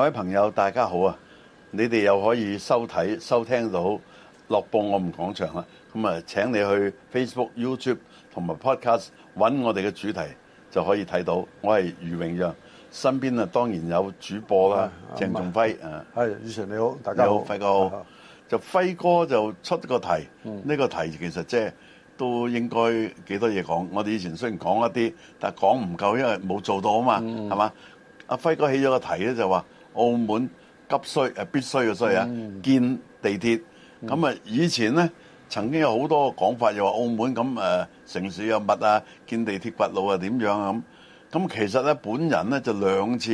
各位朋友，大家好啊！你哋又可以收睇、收聽到《樂報我哋講場》啦。咁啊，請你去 Facebook、YouTube 同埋 Podcast 揾我哋嘅主題，就可以睇到。我係余榮讓。身邊啊當然有主播啦，鄭仲唉輝是是啊。係，宇晨你好，大家好，你好，輝哥好。就輝哥就出個題，呢、嗯、個題其實即、就是、都應該幾多嘢講。我哋以前雖然講一啲，但係講唔夠，因為冇做到啊嘛，係嘛、嗯？阿輝哥起咗個題咧，就話。澳門急需啊，必須嘅需啊，建地鐵。咁啊，以前咧曾經有好多講法，又話澳門咁誒城市又密啊，建地鐵掘路啊點樣咁。咁其實咧，本人咧就兩次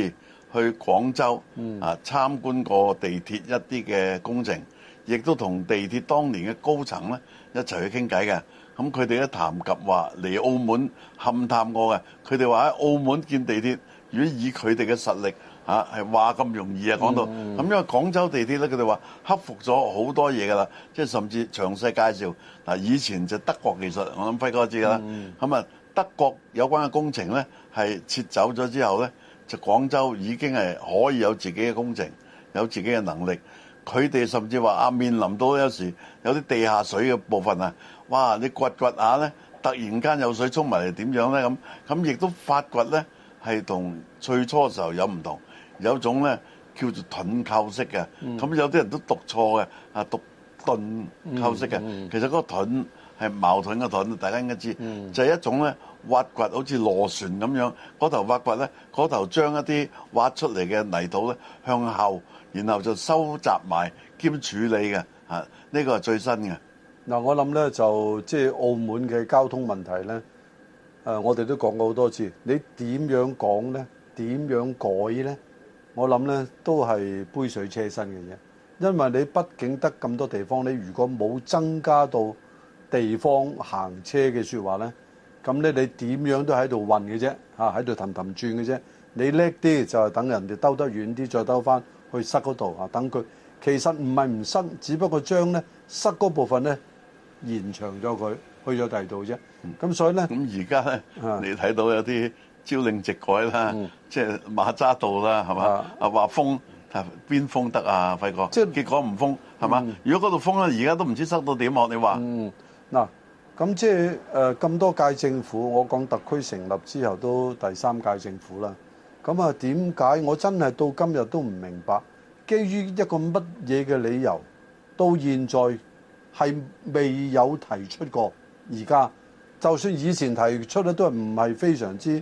去廣州啊參觀過地鐵一啲嘅工程，亦、嗯、都同地鐵當年嘅高層咧一齊去傾偈嘅。咁佢哋咧談及話嚟澳門勘探過嘅，佢哋話喺澳門建地鐵，如果以佢哋嘅實力。嚇啊係話咁容易啊！講到咁，因為廣州地鐵咧，佢哋話克服咗好多嘢噶啦，即係甚至詳細介紹嗱。以前就德國技術，我諗輝哥知噶啦。咁啊，德國有關嘅工程咧，係撤走咗之後咧，就廣州已經係可以有自己嘅工程，有自己嘅能力。佢哋甚至話啊，面臨到有時有啲地下水嘅部分啊，哇！你掘掘下咧，突然間有水沖埋嚟點樣咧咁？咁亦都發掘咧係同最初嘅時候有唔同，有種咧叫做盾構式嘅，咁有啲人都讀錯嘅，啊讀盾構式嘅，其實嗰個盾係矛盾嘅盾，大家應該知，就係一種咧挖掘好似螺旋咁樣，嗰頭挖掘咧，嗰頭將一啲挖出嚟嘅泥土咧向後，然後就收集埋兼處理嘅，啊呢個係最新嘅。嗱我諗咧就即係澳門嘅交通問題咧，誒我哋都講過好多次，你點樣講咧？點樣改咧？我諗咧都係杯水車薪嘅啫，因為你畢竟得咁多地方，你如果冇增加到地方行車嘅説話咧，咁咧你點樣都喺度運嘅啫，嚇喺度氹氹轉嘅啫。你叻啲就係等人哋兜得遠啲，再兜翻去塞嗰度嚇，等佢其實唔係唔塞，只不過將咧塞嗰部分咧延長咗佢去咗第二度啫。咁所以咧，咁而家咧你睇到有啲。朝令夕改啦，嗯、即係馬渣道啦，係嘛？啊，話封啊，邊封，封得啊？輝哥，即係結果唔封係嘛？嗯、如果嗰度封咧，而家都唔知塞到點喎。你話嗯嗱咁即係誒咁多屆政府，我講特區成立之後都第三屆政府啦。咁啊點解我真係到今日都唔明白？基於一個乜嘢嘅理由，到現在係未有提出過。而家就算以前提出咧，都唔係非常之。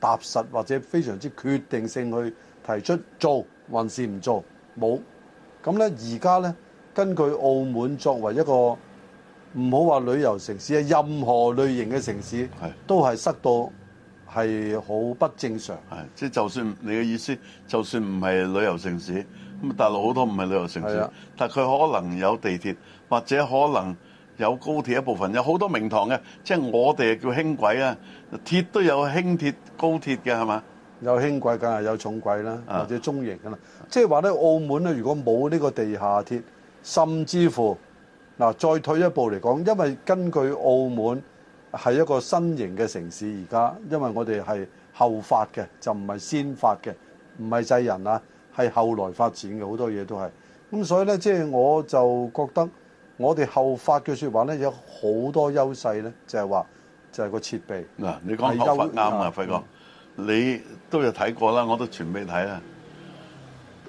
踏實或者非常之決定性去提出做還是唔做冇咁呢，而家咧根據澳門作為一個唔好話旅遊城市啊，任何類型嘅城市都係塞到係好不正常。係即就算你嘅意思，就算唔係旅遊城市，咁大陸好多唔係旅遊城市，是的 但佢可能有地鐵或者可能。有高鐵一部分，有好多名堂嘅，即係我哋叫輕軌啊，鐵都有輕鐵、高鐵嘅，係嘛？有輕軌梗係有重軌啦，或者中型噶啦。即係話呢，澳門咧，如果冇呢個地下鐵，甚至乎嗱，再退一步嚟講，因為根據澳門係一個新型嘅城市而家，因為我哋係後發嘅，就唔係先發嘅，唔係製人啊，係後來發展嘅，好多嘢都係。咁所以呢，即係我就覺得。我哋後發嘅說話咧，有好多優勢咧，就係話，就係個設備優。嗱，你講講法啱啊，輝哥，嗯、你都有睇過啦，我都傳俾你睇啦。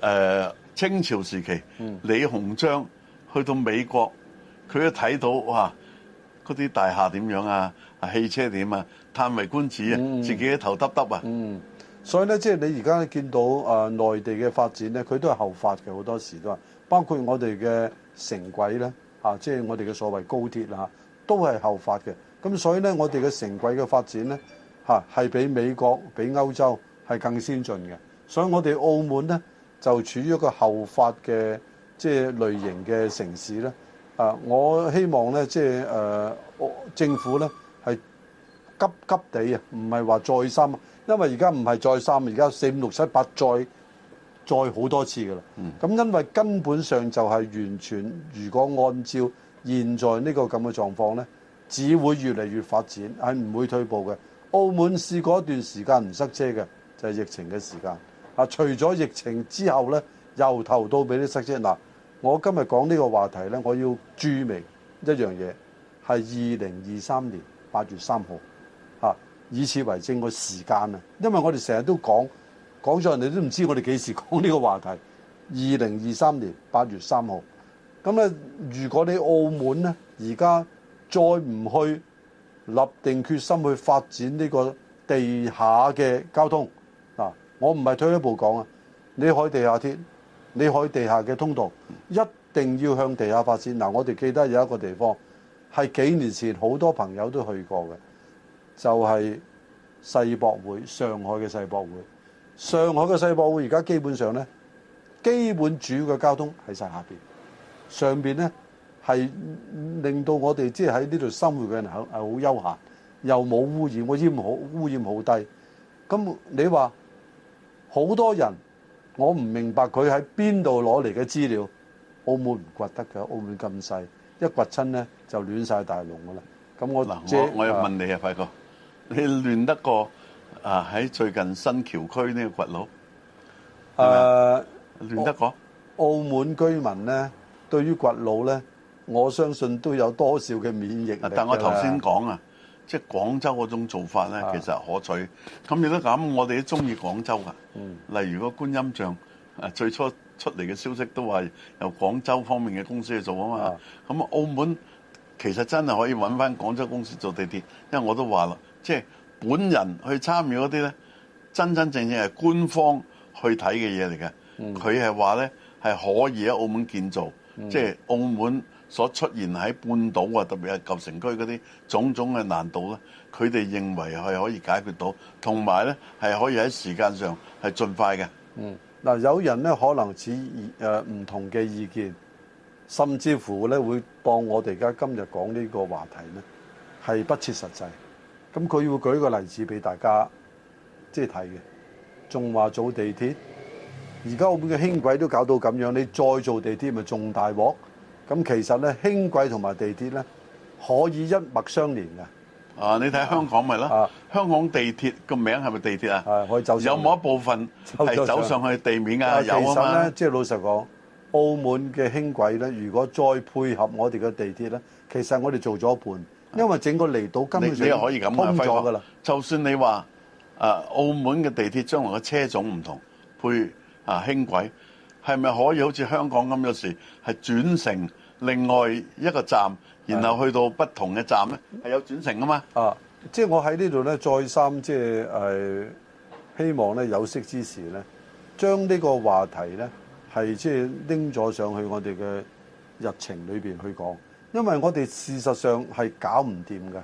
誒，清朝時期，李鴻章去到美國，佢都睇到哇，嗰啲大廈點樣啊，汽車點啊，歎為觀止啊，自己頭耷耷啊。嗯。嗯、所以咧，即係你而家見到啊，內地嘅發展咧，佢都係後發嘅，好多時都係，包括我哋嘅城軌咧。啊，即係我哋嘅所謂高鐵啊，都係後發嘅。咁所以呢，我哋嘅城軌嘅發展呢，嚇係比美國、比歐洲係更先進嘅。所以我哋澳門呢，就處於一個後發嘅即係類型嘅城市呢啊，我希望呢，即係政府呢，係急急地啊，唔係話再三，因為而家唔係再三，而家四五六七八再。再好多次㗎啦！咁因為根本上就係完全，如果按照現在這個這樣的呢個咁嘅狀況呢，只會越嚟越發展，係唔會退步嘅。澳門試過一段時間唔塞車嘅，就係、是、疫情嘅時間。啊，除咗疫情之後呢，由頭到尾都塞車。嗱、啊，我今日講呢個話題呢，我要注明一樣嘢係二零二三年八月三號、啊、以此為證個時間啊，因為我哋成日都講。來講咗人哋都唔知我哋幾時講呢個話題。二零二三年八月三號，咁咧，如果你澳門呢，而家再唔去立定決心去發展呢個地下嘅交通嗱，我唔係退一步講啊，你開地下鐵，你開地下嘅通道，一定要向地下發展嗱。我哋記得有一個地方係幾年前好多朋友都去過嘅，就係世博會，上海嘅世博會。上海嘅世博會而家基本上咧，基本主要嘅交通喺晒下邊上邊咧，係令到我哋即係喺呢度生活嘅人係，係好休閒，又冇污染，我污染好污染好低。咁你話好多人，我唔明白佢喺邊度攞嚟嘅資料。澳門唔掘得嘅，澳門咁細一掘親咧就亂晒大龍噶啦。咁我嗱我我又問你啊，輝哥，啊，你亂得過。啊！喺最近新橋區呢個掘路，誒、啊、亂得講。澳門居民咧，對於掘路咧，我相信都有多少嘅免疫的。但我頭先講啊，即係廣州嗰種做法咧，其實可取。咁亦都咁，我哋都中意廣州噶。嗯。例如個觀音像，最初出嚟嘅消息都話由廣州方面嘅公司去做啊嘛。咁、啊、澳門其實真係可以揾翻廣州公司做地鐵，因為我都話啦，即係。本人去參與嗰啲咧，真真正正係官方去睇嘅嘢嚟嘅。佢係話咧係可以喺澳門建造，嗯、即係澳門所出現喺半島啊，特別係舊城區嗰啲種種嘅難度咧，佢哋認為係可以解決到，同埋咧係可以喺時間上係盡快嘅。嗯，嗱有人咧可能持誒唔同嘅意見，甚至乎咧會當我哋而家今日講呢個話題咧係不切實際。咁佢會舉個例子俾大家即係睇嘅，仲話做地鐵，而家澳門嘅輕軌都搞到咁樣，你再做地鐵咪仲大鑊？咁其實咧，輕軌同埋地鐵咧可以一脈相連嘅。啊，你睇香港咪咯？啊，香港地鐵個名係咪地鐵啊？係，有冇一部分係走上去地面啊？有啊嘛。其實咧，即係老實講，澳門嘅輕軌咧，如果再配合我哋嘅地鐵咧，其實我哋做咗一半。因為整個離島根本就通咗噶啦，就算你話啊，澳門嘅地鐵將來嘅車種唔同，配啊輕軌，係咪可以好似香港咁有時係轉乘另外一個站，嗯、然後去到不同嘅站咧？係的有轉乘噶嘛？啊！即係我喺呢度咧，再三即係誒，希望咧有識之士咧，將呢個話題咧係即係拎咗上去我哋嘅日程裏邊去講。因為我哋事實上係搞唔掂嘅，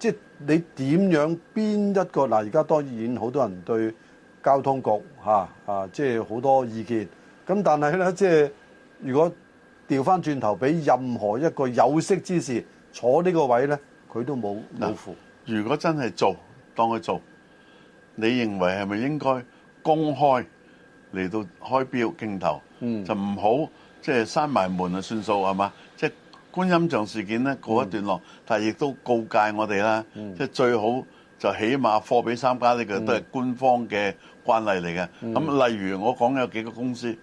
即係你點樣邊一個嗱？而家當然好多人對交通局吓啊，即係好多意見。咁但係咧，即係如果調翻轉頭俾任何一個有識之士坐呢個位咧，佢都冇冇符。如果真係做，當佢做，你認為係咪應該公開嚟到開標競投？嗯，就唔好即係閂埋門啊，算數係嘛？觀音像事件咧過一段落，嗯、但亦都告戒我哋啦，即係、嗯、最好就起碼貨比三家，呢個都係官方嘅慣例嚟嘅。咁、嗯、例如我講有幾個公司，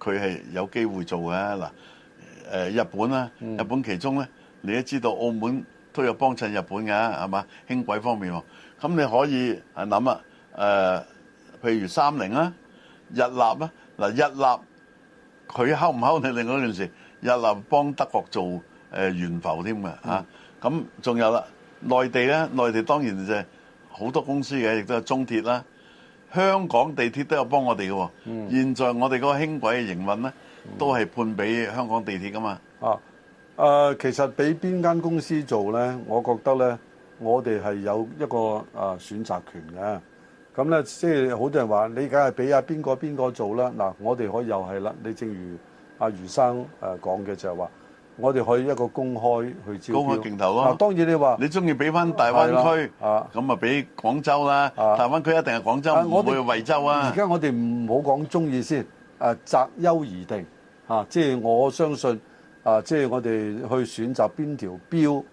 佢係有機會做嘅嗱，日本啦，日本其中咧、嗯、你都知道，澳門都有幫襯日本嘅係嘛？輕軌方面，咁你可以係諗啊譬如三菱啦、日立啦，嗱日立佢好唔好係另外一件事，日立幫德國做。誒懸、呃、浮添嘅吓、咁仲有啦，內地咧，內地當然就係好多公司嘅，亦都有中鐵啦，香港地鐵都有幫我哋嘅喎。嗯、現在我哋嗰個輕軌嘅營運咧，嗯、都係判俾香港地鐵噶嘛啊。啊、呃，其實俾邊間公司做咧，我覺得咧，我哋係有一個啊、呃、選擇權嘅。咁咧，即係好多人話你梗係俾阿邊個邊個做啦。嗱、啊，我哋可以又係啦。你正如阿余生誒講嘅就係話。我哋可以一個公開去招標。嗱、啊，當然你話你中意俾翻大灣區，咁啊俾廣州啦。大、啊、灣區一定係廣州唔、啊、會惠州啊現在。而家我哋唔好講中意先，誒擇優而定嚇、啊，即係我相信，啊即係我哋去選擇邊條標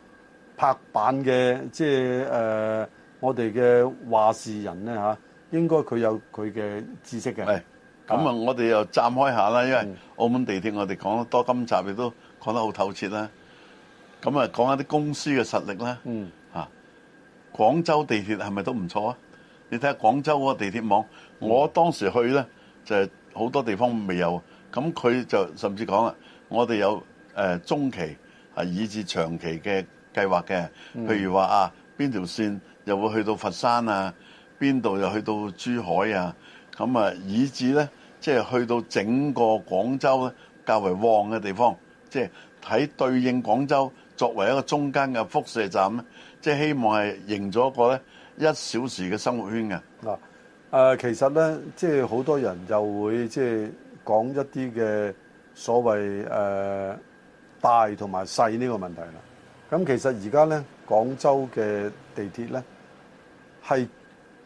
拍板嘅，即係誒、呃、我哋嘅話事人咧嚇、啊，應該佢有佢嘅知識嘅。咁啊，啊我哋又暫開下啦，因為澳門地鐵我哋講得多今集亦都。講得好透徹啦！咁啊，講下啲公司嘅實力啦。嗯，嚇，廣州地鐵係咪都唔錯啊？你睇下廣州個地鐵網，我當時去呢，就係好多地方未有。咁佢就甚至講啦，我哋有誒中期啊，以至長期嘅計劃嘅。譬如話啊，邊條線又會去到佛山啊？邊度又去到珠海啊？咁啊，以至呢，即係去到整個廣州呢較為旺嘅地方。即係睇對應廣州作為一個中間嘅輻射站咧，即係希望係營咗一個咧一小時嘅生活圈嘅。啊，誒其實咧，即係好多人又會即係講一啲嘅所謂誒大同埋細呢個問題啦。咁其實而家咧廣州嘅地鐵咧係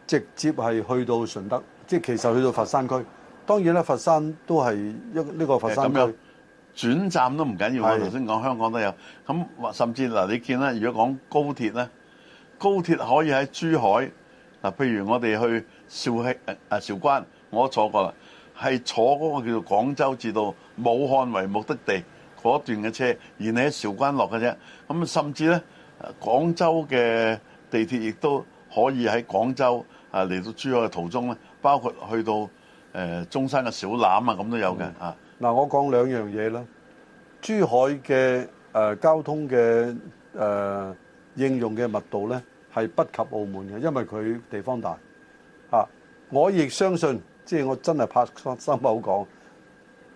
直接係去到順德，即係其實去到佛山區。當然咧佛山都係一呢個佛山區。轉站都唔緊要，我頭先講香港都有，咁是的 甚至嗱，你見啦，如果講高鐵咧，高鐵可以喺珠海嗱，譬如我哋去肇慶誒、韶關，我坐過啦，係坐嗰個叫做廣州至到武漢為目的地嗰段嘅車，而你喺韶關落嘅啫。咁甚至咧，廣州嘅地鐵亦都可以喺廣州啊嚟到珠海嘅途中咧，包括去到誒中山嘅小欖啊，咁都有嘅。嗱，我講兩樣嘢啦。珠海嘅誒交通嘅誒應用嘅密度咧，係不及澳門嘅，因為佢地方大。嚇，我亦相信，即係我真係拍心口講，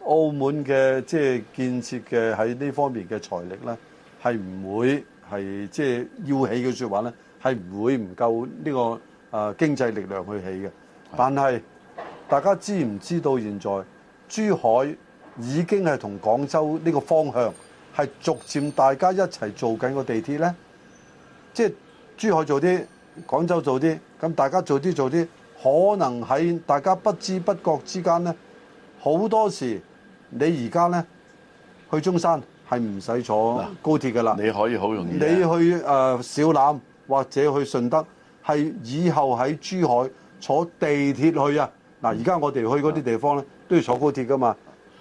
澳門嘅即係建設嘅喺呢方面嘅財力咧，係唔會，係即係要起嘅說話咧，係唔會唔夠呢個誒經濟力量去起嘅。是的 但係大家知唔知道現在珠海，已經係同廣州呢個方向係逐漸大家一齊做緊個地鐵呢。即係珠海做啲，廣州做啲，咁大家做啲做啲，可能喺大家不知不覺之間呢。好多時你而家呢，去中山係唔使坐高鐵噶啦，你可以好容易，你去、呃、小欖或者去順德係以後喺珠海坐地鐵去啊。嗱，而家我哋去嗰啲地方呢，都要坐高鐵噶嘛。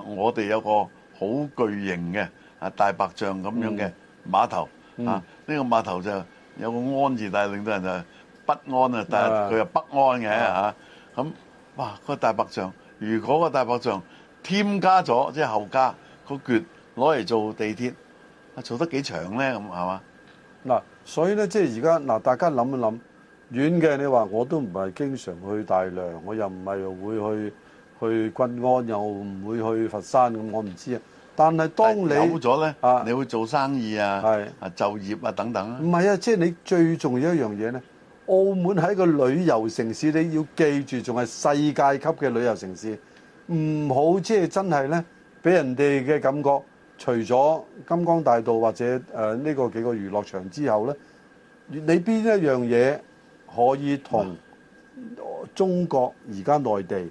我哋有個好巨型嘅啊大白象咁樣嘅碼頭、嗯嗯、啊、呢、這個碼頭就有個安字，帶，令到人就不安，不安啊，但係佢又不安嘅嚇。咁哇，個大白象，如果個大白象添加咗即係後加個橛攞嚟做地鐵，啊做得幾長咧？咁係嘛？嗱，所以咧即係而家嗱，大家諗一諗，遠嘅你話我都唔係經常去大良，我又唔係會去。去均安又唔會去佛山咁，我唔知啊。但係當你好咗咧，你會做生意啊，啊就業啊等等啊。唔係啊，即係你最重要一樣嘢咧，澳門係一個旅遊城市，你要記住，仲係世界級嘅旅遊城市。唔好即係真係咧，俾人哋嘅感覺，除咗金光大道或者誒呢個幾個娛樂場之後咧，你邊一樣嘢可以同中國而家內地？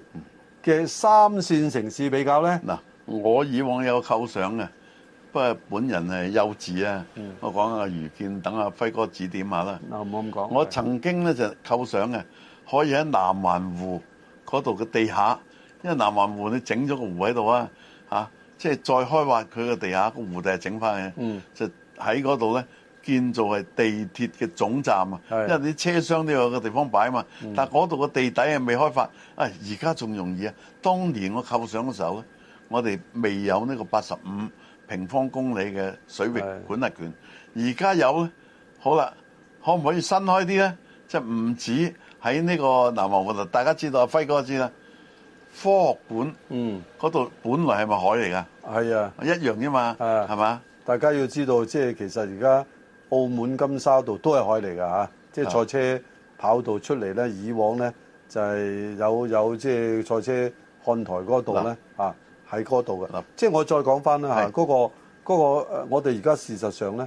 嘅三線城市比較咧，嗱，我以往有構想嘅，不過本人係幼稚啊，嗯、我講下余建，等啊輝哥指點下啦。嗱、嗯，唔好咁講，我曾經咧就構想嘅，可以喺南灣湖嗰度嘅地下，因為南灣湖你整咗個湖喺度啊，即係再開挖佢個地下個湖地整翻嘅，嗯、就喺嗰度咧。建造係地鐵嘅總站啊，因為啲車廂都有個地方擺啊嘛、嗯。但係嗰度個地底係未開發，啊而家仲容易啊！當年我構想嘅時候咧，我哋未有呢個八十五平方公里嘅水域管轄權，而家是、啊、有咧，好啦，可唔可以新開啲咧？即係唔止喺呢個南灣湖度，大家知道阿輝哥知啦，科學館，嗯，嗰度本來係咪海嚟㗎？係是啊，一樣啫嘛，係嘛是、啊吧？大家要知道，即係其實而家。澳門金沙道都係海嚟㗎嚇，即係賽車跑道出嚟咧。的以往咧就係、是、有有即係賽車看台嗰度咧嚇喺嗰度嘅。即係我再講翻啦嚇，嗰的、嗰個嗰、嗰個、我哋而家事實上咧，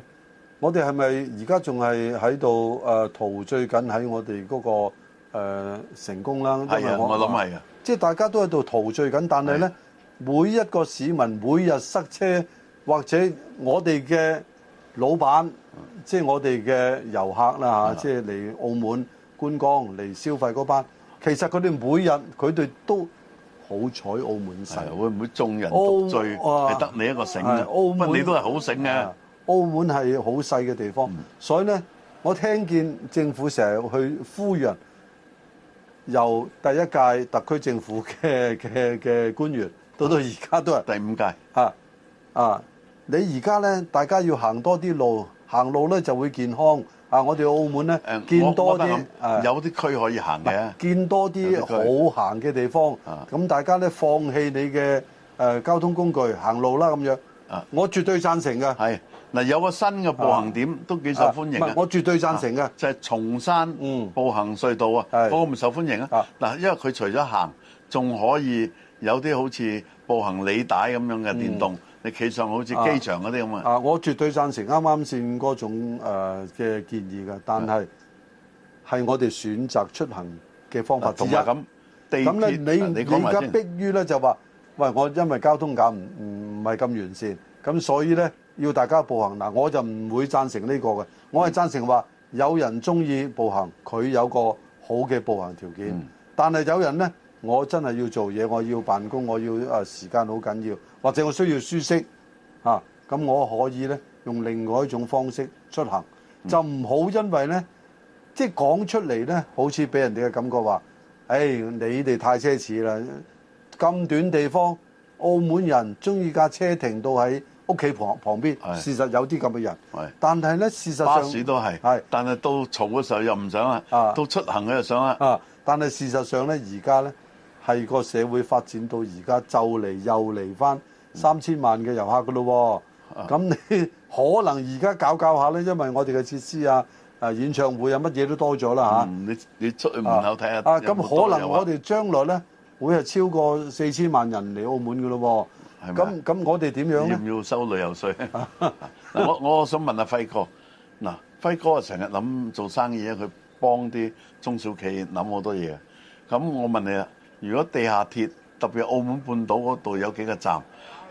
我哋係咪而家仲係喺度誒陶醉緊喺我哋嗰、嗰個、呃、成功啦？係啊，我諗係啊。即係大家都喺度陶醉緊，但係咧的每一個市民每日塞車，或者我哋嘅老闆。即係我哋嘅遊客啦的即係嚟澳門觀光嚟消費嗰班，其實佢哋每日佢哋都好彩澳門細，會唔會眾人獨醉，係得你一個醒啊？澳門你都係好醒嘅，澳門係好細嘅地方，嗯、所以呢，我聽見政府成日去呼籲由第一屆特區政府嘅嘅嘅官員到到而家都係第五屆啊啊！你而家呢，大家要行多啲路。行路咧就會健康啊！我哋澳門咧見多啲有啲區可以行嘅。見多啲好行嘅地方，咁大家咧放棄你嘅誒交通工具，行路啦咁樣。我絕對贊成嘅。係嗱，有個新嘅步行點都幾受歡迎。我絕對贊成嘅，就係松山步行隧道啊，嗰個唔受歡迎啊。嗱，因為佢除咗行，仲可以有啲好似步行履帶咁樣嘅電動。你企上好似機場嗰啲咁啊！啊，我絕對贊成啱啱先嗰種嘅、呃、建議嘅，但係係我哋選擇出行嘅方法同埋咁地鐵。你而家迫於咧就話，喂，我因為交通搞唔唔唔係咁完善，咁所以咧要大家步行。嗱，我就唔會贊成呢個嘅。我係贊成話有人中意步行，佢有個好嘅步行條件，嗯、但係有人咧。我真係要做嘢，我要辦公，我要啊時間好緊要，或者我需要舒適啊，咁我可以呢，用另外一種方式出行，嗯、就唔好因為呢，即係講出嚟呢，好似俾人哋嘅感覺話，誒、哎、你哋太奢侈啦！咁短地方，澳門人中意架車停到喺屋企旁旁邊，是事實有啲咁嘅人，是但係呢，事實上巴士都是但係到嘈嘅時候又唔想啦，啊、到出行又想啦、啊，但係事實上呢，而家呢。係個社會發展到而家就嚟又嚟翻三千萬嘅遊客噶咯喎，咁你可能而家搞搞下咧，因為我哋嘅設施啊、誒演唱會啊乜嘢都多咗啦嚇。嗯，你你出去門口睇下。啊，咁、啊、可能我哋將來咧會係超過四千萬人嚟澳門噶咯喎。係嘛？咁咁我哋點樣要唔要收旅遊稅？ 我我想問阿、啊、輝哥，嗱、啊，輝哥成日諗做生意啊，佢幫啲中小企業諗好多嘢，咁我問你啦。如果地下鐵，特別澳門半島嗰度有幾個站，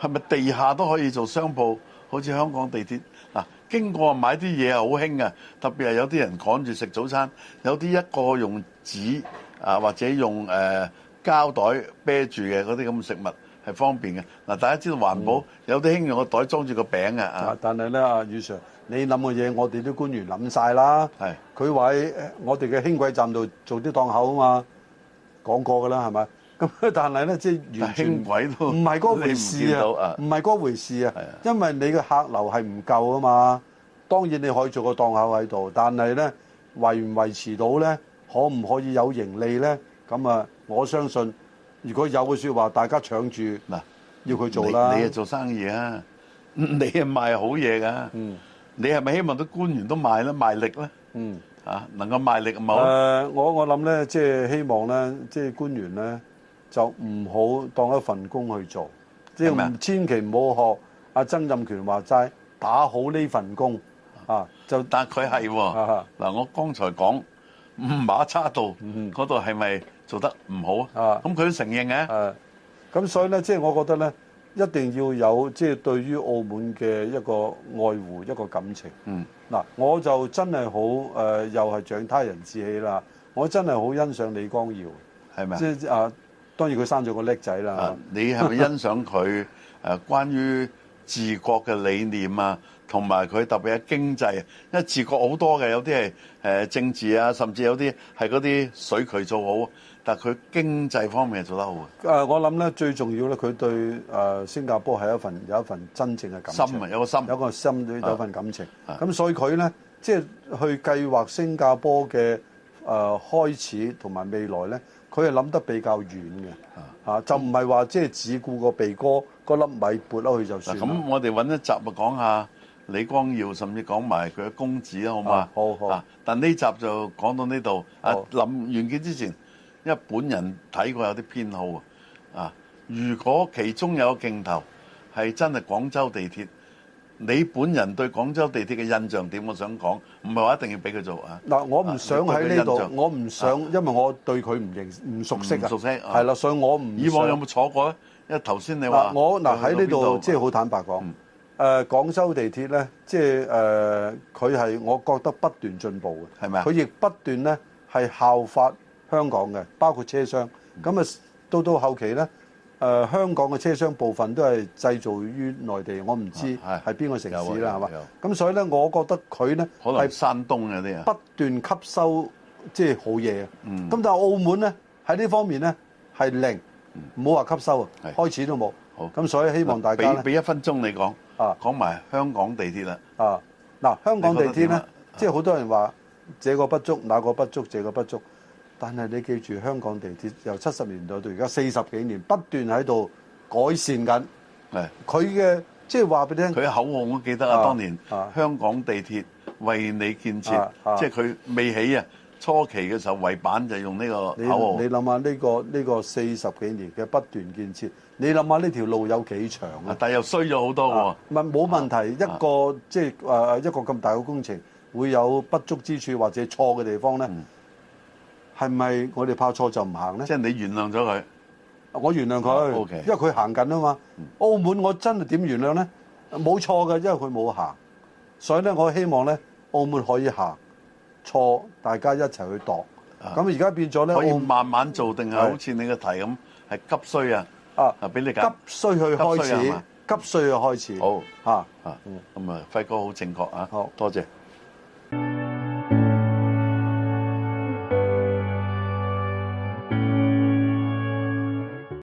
係咪地下都可以做商鋪？好似香港地鐵嗱，經過買啲嘢係好興嘅，特別係有啲人趕住食早餐，有啲一個用紙啊，或者用誒膠袋啤住嘅嗰啲咁嘅食物係方便嘅嗱。大家知道環保，有啲興用個袋裝住個餅嘅啊。但係咧，阿余 sir，你諗嘅嘢，我哋啲官員諗晒啦。係佢話喺我哋嘅輕軌站度做啲檔口啊嘛。講過噶啦，係咪？咁但係咧，即係輕軌唔係嗰回事，回事啊！唔係嗰回事啊！因為你嘅客流係唔夠啊嘛。當然你可以做個檔口喺度，但係咧維唔維持到咧，可唔可以有盈利咧？咁啊，我相信如果有個説話，大家搶住嗱，要佢做啦！你係做生意啊，你係賣好嘢㗎。嗯、你係咪希望啲官員都賣呢？賣力咧？嗯啊！能夠賣力冇誒？我我諗咧，即係希望咧，即係官員咧，就唔好當一份工去做，即係唔千祈唔好學阿曾蔭權話齋，打好呢份工啊！就但佢係喎嗱，我剛才講馬叉道嗰度係咪做得唔好啊？咁佢都承認嘅，咁所以咧，即係我覺得咧，一定要有即係對於澳門嘅一個愛護，一個感情。嗯。嗱，我就真係好誒，又係長他人志氣啦！我真係好欣賞李光耀，係咪？即係啊，當然佢生咗個叻仔啦。你係咪欣賞佢誒？關於治國嘅理念啊，同埋佢特別喺經濟，因為治國好多嘅，有啲係誒政治啊，甚至有啲係嗰啲水渠做好。但佢經濟方面係做得好嘅、呃。我諗咧最重要咧，佢對誒新加坡係一份有一份真正嘅感情、啊，有個心，有一個心、啊、有一份感情。咁、啊、所以佢咧，即係去計劃新加坡嘅誒、呃、開始同埋未來咧，佢係諗得比較遠嘅。嚇、啊啊、就唔係話即係只顧個鼻哥個粒米撥落去就算咁、啊、我哋揾一集啊，講下李光耀，甚至講埋佢嘅公子啦，好嘛？好好。但呢集就講到呢度。好。臨、啊好啊、完結之前。因為本人睇過有啲偏好啊，啊！如果其中有個鏡頭係真係廣州地鐵，你本人對廣州地鐵嘅印象點？我想講，唔係話一定要俾佢做啊！嗱，我唔想喺呢度，我唔想，因為我對佢唔認唔熟悉啊。唔熟悉係啦，所以我唔以往有冇坐過咧？因為頭先你話我嗱喺呢度，即係好坦白講，誒、嗯呃、廣州地鐵咧，即係誒佢係我覺得不斷進步嘅，係咪啊？佢亦不斷咧係效法。香港嘅包括車廂咁啊，到到後期呢，誒香港嘅車廂部分都係製造於內地，我唔知係邊個城市啦，係嘛？咁所以呢，我覺得佢呢可能喺山東嗰啲不斷吸收即係好嘢。咁但係澳門呢，喺呢方面呢係零，唔好話吸收啊，開始都冇。好咁，所以希望大家俾一分鐘你講啊，講埋香港地鐵啦啊！嗱，香港地鐵呢，即係好多人話這個不足，那個不足，這個不足。但係你記住，香港地鐵由七十年代到而家四十幾年不斷喺度改善緊。佢嘅是即係話俾你聽，佢口號我記得啊，啊當年、啊、香港地鐵為你建設，啊、即係佢未起啊初期嘅時候，圍板就用呢個口號。你諗下呢個呢、這個四十幾年嘅不斷建設，你諗下呢條路有幾長啊？但係又衰咗好多喎、啊。唔係冇問題，啊、一個即係誒、呃、一個咁大嘅工程，會有不足之處或者錯嘅地方咧。嗯係咪我哋怕錯就唔行咧？即係你原諒咗佢，我原諒佢，OK，因為佢行緊啊嘛。澳門我真係點原諒咧？冇錯嘅，因為佢冇行，所以咧我希望咧澳門可以行錯，大家一齊去度。咁而家變咗咧，澳門可以慢慢做定係好似你嘅題咁係急需啊？啊，俾你急需去開始，急需去開始。好啊啊，咁啊，輝哥好正確啊！好多謝。